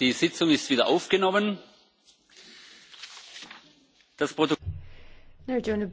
die sitzung ist wieder aufgenommen. das protokoll